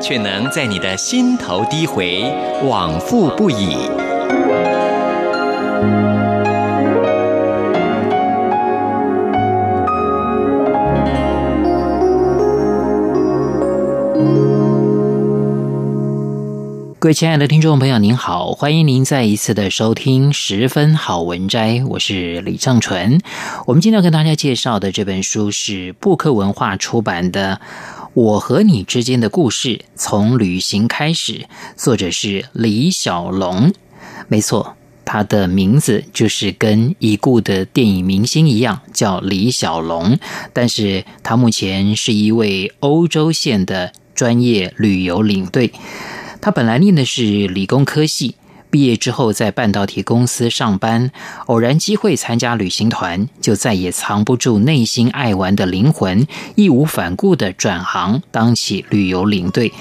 卻能在你的心頭低回，往復不已。各位親愛的聽眾朋友，您好，歡迎您再一次的收聽《十分好文摘》，我是李尚純。我們今天要跟大家介紹的這本書是布克文化出版的。我和你之間的故事從旅行開始，作者是李小龍。沒錯，他的名字就是跟已故的電影明星一樣叫李小龍，但是他目前是一位歐洲線的專業旅遊領隊。他本來念的是理工科系。畢業之後，在半導體公司上班，偶然機會參加旅行團，就再也藏不住內心愛玩的靈魂，義無反顧地轉行當起旅遊領隊。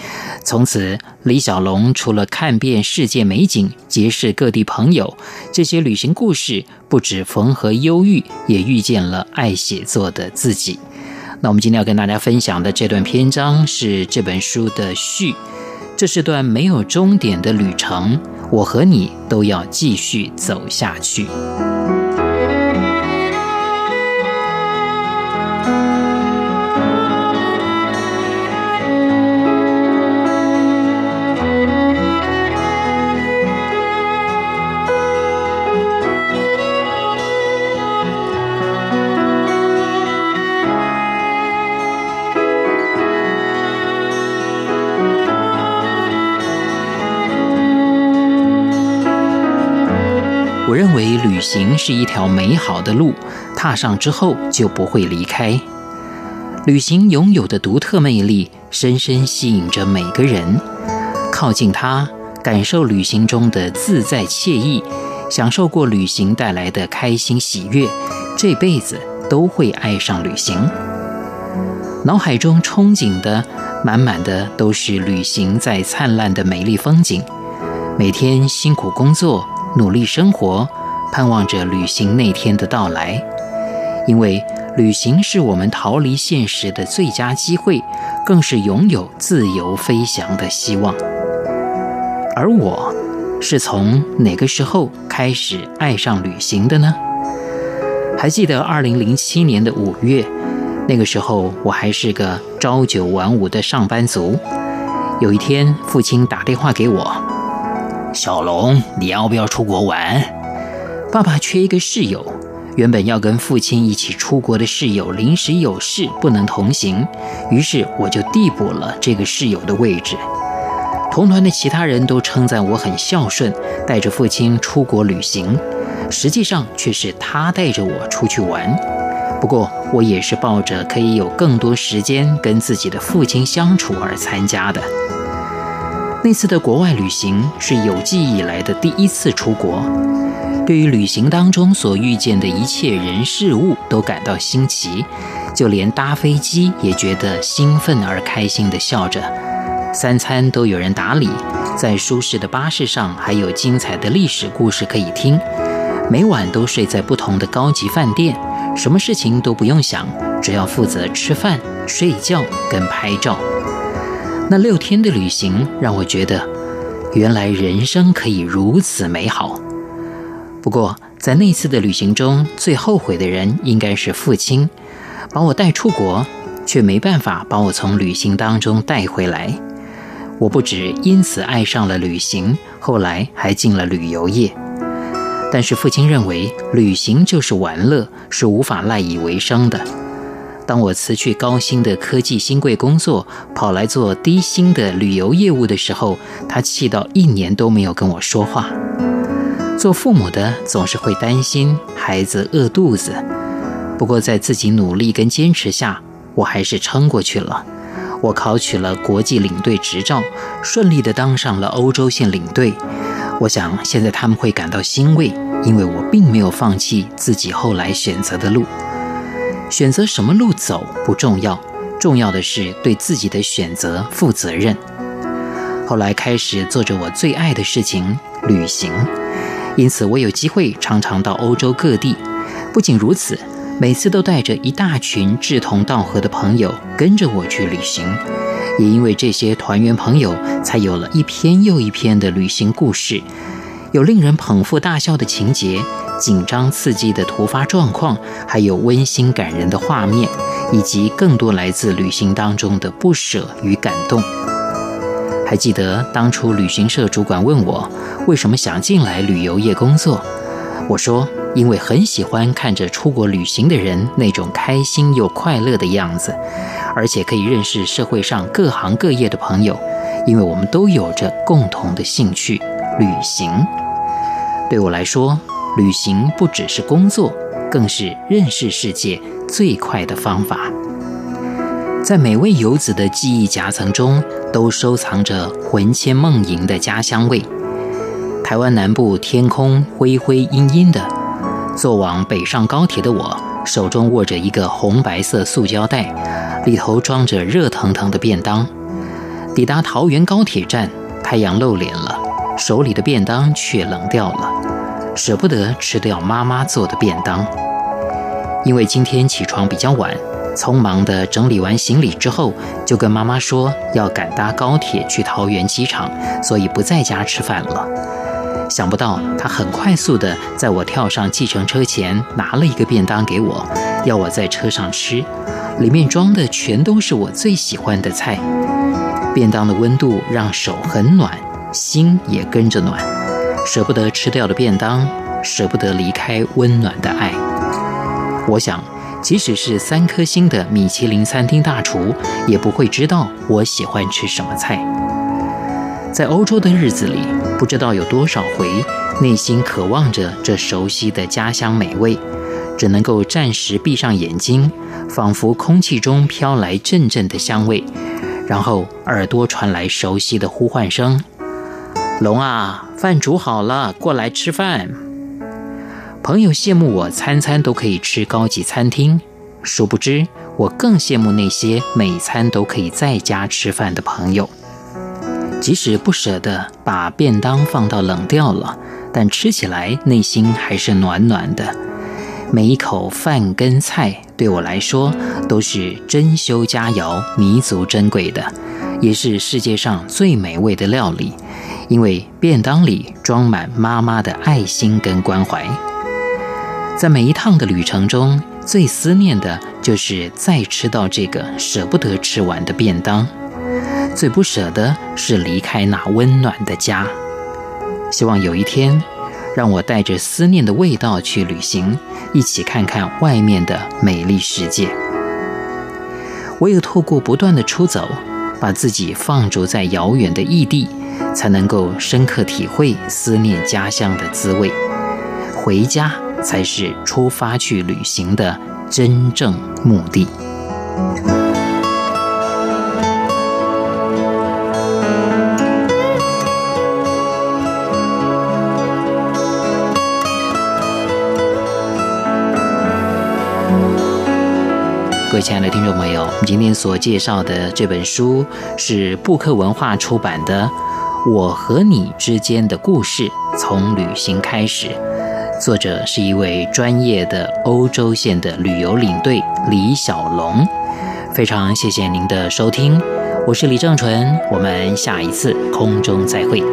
從此，李小龍除了看遍世界美景，結識各地朋友，這些旅行故事不止縫合憂鬱，也遇見了愛寫作的自己。那我們今天要跟大家分享的這段篇章，是這本書的序。這是段沒有終點的旅程，我和你都要繼續走下去。認為旅行是一條美好的路，踏上之後就不會離開。旅行擁有的獨特魅力，深深吸引着每個人，靠近它，感受旅行中的自在愜意，享受過旅行帶來的開心喜悅，這輩子都會愛上旅行。腦海中憧憬的，滿滿的都是旅行在燦爛的美麗風景，每天辛苦工作。努力生活，盼望着旅行那天的到來，因為旅行是我們逃離現實的最佳機會，更是擁有自由飛翔的希望。而我是從哪個時候開始愛上旅行的呢？還記得二零零七年的五月，那個時候我還是個朝九晚五的上班族。有一天，父親打電話給我。小龍，你要不要出國玩？爸爸缺一個室友。原本要跟父親一起出國的室友臨時有事不能同行，於是我就遞補了這個室友的位置。同團的其他人都稱讚我很孝順，帶着父親出國旅行，實際上卻是他帶着我出去玩。不過我也是抱着可以有更多時間跟自己的父親相處而參加的。那次的國外旅行是有記憶以來的第一次出國，對於旅行當中所遇見的一切人事物都感到新奇，就連搭飛機也覺得興奮而開心地笑着。三餐都有人打理，在舒適的巴士上還有精彩的歷史故事可以聽，每晚都睡在不同的高級飯店，什麼事情都不用想，只要負責吃飯、睡覺跟拍照。那六天的旅行讓我覺得，原來人生可以如此美好。不過，在那次的旅行中，最後悔的人應該是父親，把我帶出國，卻沒辦法把我從旅行當中帶回來。我不止因此愛上了旅行，後來還進了旅遊業。但是父親認為，旅行就是玩樂，是無法賴以為生的。當我辭去高薪的科技新貴工作，跑來做低薪的旅遊業務的時候，他氣到一年都沒有跟我說話。做父母的總是會擔心孩子餓肚子，不過在自己努力跟堅持下，我還是撐過去了。我考取了國際領隊執照，順利地當上了歐洲線領隊。我想現在他們會感到欣慰，因為我並沒有放棄自己後來選擇的路。選擇什麼路走不重要，重要的是對自己的選擇負責任。後來開始做着我最愛的事情——旅行，因此我有機會常常到歐洲各地。不僅如此，每次都帶着一大群志同道合的朋友跟着我去旅行，也因為這些團員朋友，才有了一篇又一篇的旅行故事。有令人捧腹大笑的情節，緊張刺激的突發狀況，還有溫馨感人的畫面，以及更多來自旅行當中的不舍與感動。還記得當初旅行社主管問我為什麼想進來旅遊業工作，我說因為很喜歡看着出國旅行的人那種開心又快樂的樣子，而且可以認識社會上各行各業的朋友，因為我們都有着共同的興趣，旅行。對我來說，旅行不只是工作，更是認識世界最快的方法。在每位游子的記憶夾層中，都收藏着魂牽夢縈的家鄉味。台灣南部天空灰灰陰陰的，坐往北上高鐵的我，手中握着一個紅白色塑膠袋，裡頭裝着熱騰騰的便當。抵達桃園高鐵站，太陽露臉了。手裡的便當卻冷掉了，捨不得吃掉媽媽做的便當。因為今天起床比較晚，匆忙地整理完行李之後，就跟媽媽說要趕搭高鐵去桃園機場，所以不在家吃飯了。想不到她很快速地在我跳上計程車前拿了一個便當給我，要我在車上吃，裡面裝的全都是我最喜歡的菜。便當的溫度讓手很暖。心也跟着暖，捨不得吃掉的便當，捨不得離開溫暖的愛。我想，即使是三顆星的米其林餐廳大廚，也不會知道我喜歡吃什麼菜。在歐洲的日子裡，不知道有多少回，內心渴望着這熟悉的家鄉美味，只能夠暫時閉上眼睛，仿佛空氣中飄來陣陣的香味，然後耳朵傳來熟悉的呼喚聲。龍啊，飯煮好了，過來吃飯。朋友羨慕我餐餐都可以吃高級餐廳，殊不知我更羨慕那些每餐都可以在家吃飯的朋友。即使不舍得把便當放到冷掉了，但吃起來內心還是暖暖的。每一口飯跟菜對我來說都是珍饈佳餚，彌足珍貴的，也是世界上最美味的料理。因為便當裡裝滿媽媽的愛心跟關懷，在每一趟的旅程中，最思念的就是再吃到這個捨不得吃完的便當，最不捨的是離開那溫暖的家。希望有一天，讓我帶着思念的味道去旅行，一起看看外面的美麗世界。我也透過不斷的出走，把自己放逐在遙遠的異地。才能夠深刻體會思念家鄉的滋味，回家才是出發去旅行的真正目的。親愛的聽眾朋友，今天所介紹的這本書是布克文化出版的《我和你之間的故事：從旅行開始》，作者是一位專業的歐洲線的旅遊領隊李小龍。非常謝謝您的收聽，我是李正純，我們下一次空中再會。